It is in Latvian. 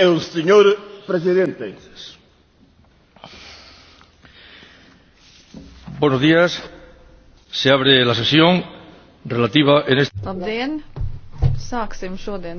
el señor presidente. Buenos días. Se abre la sesión relativa en este. Labdien! Sāksim šodien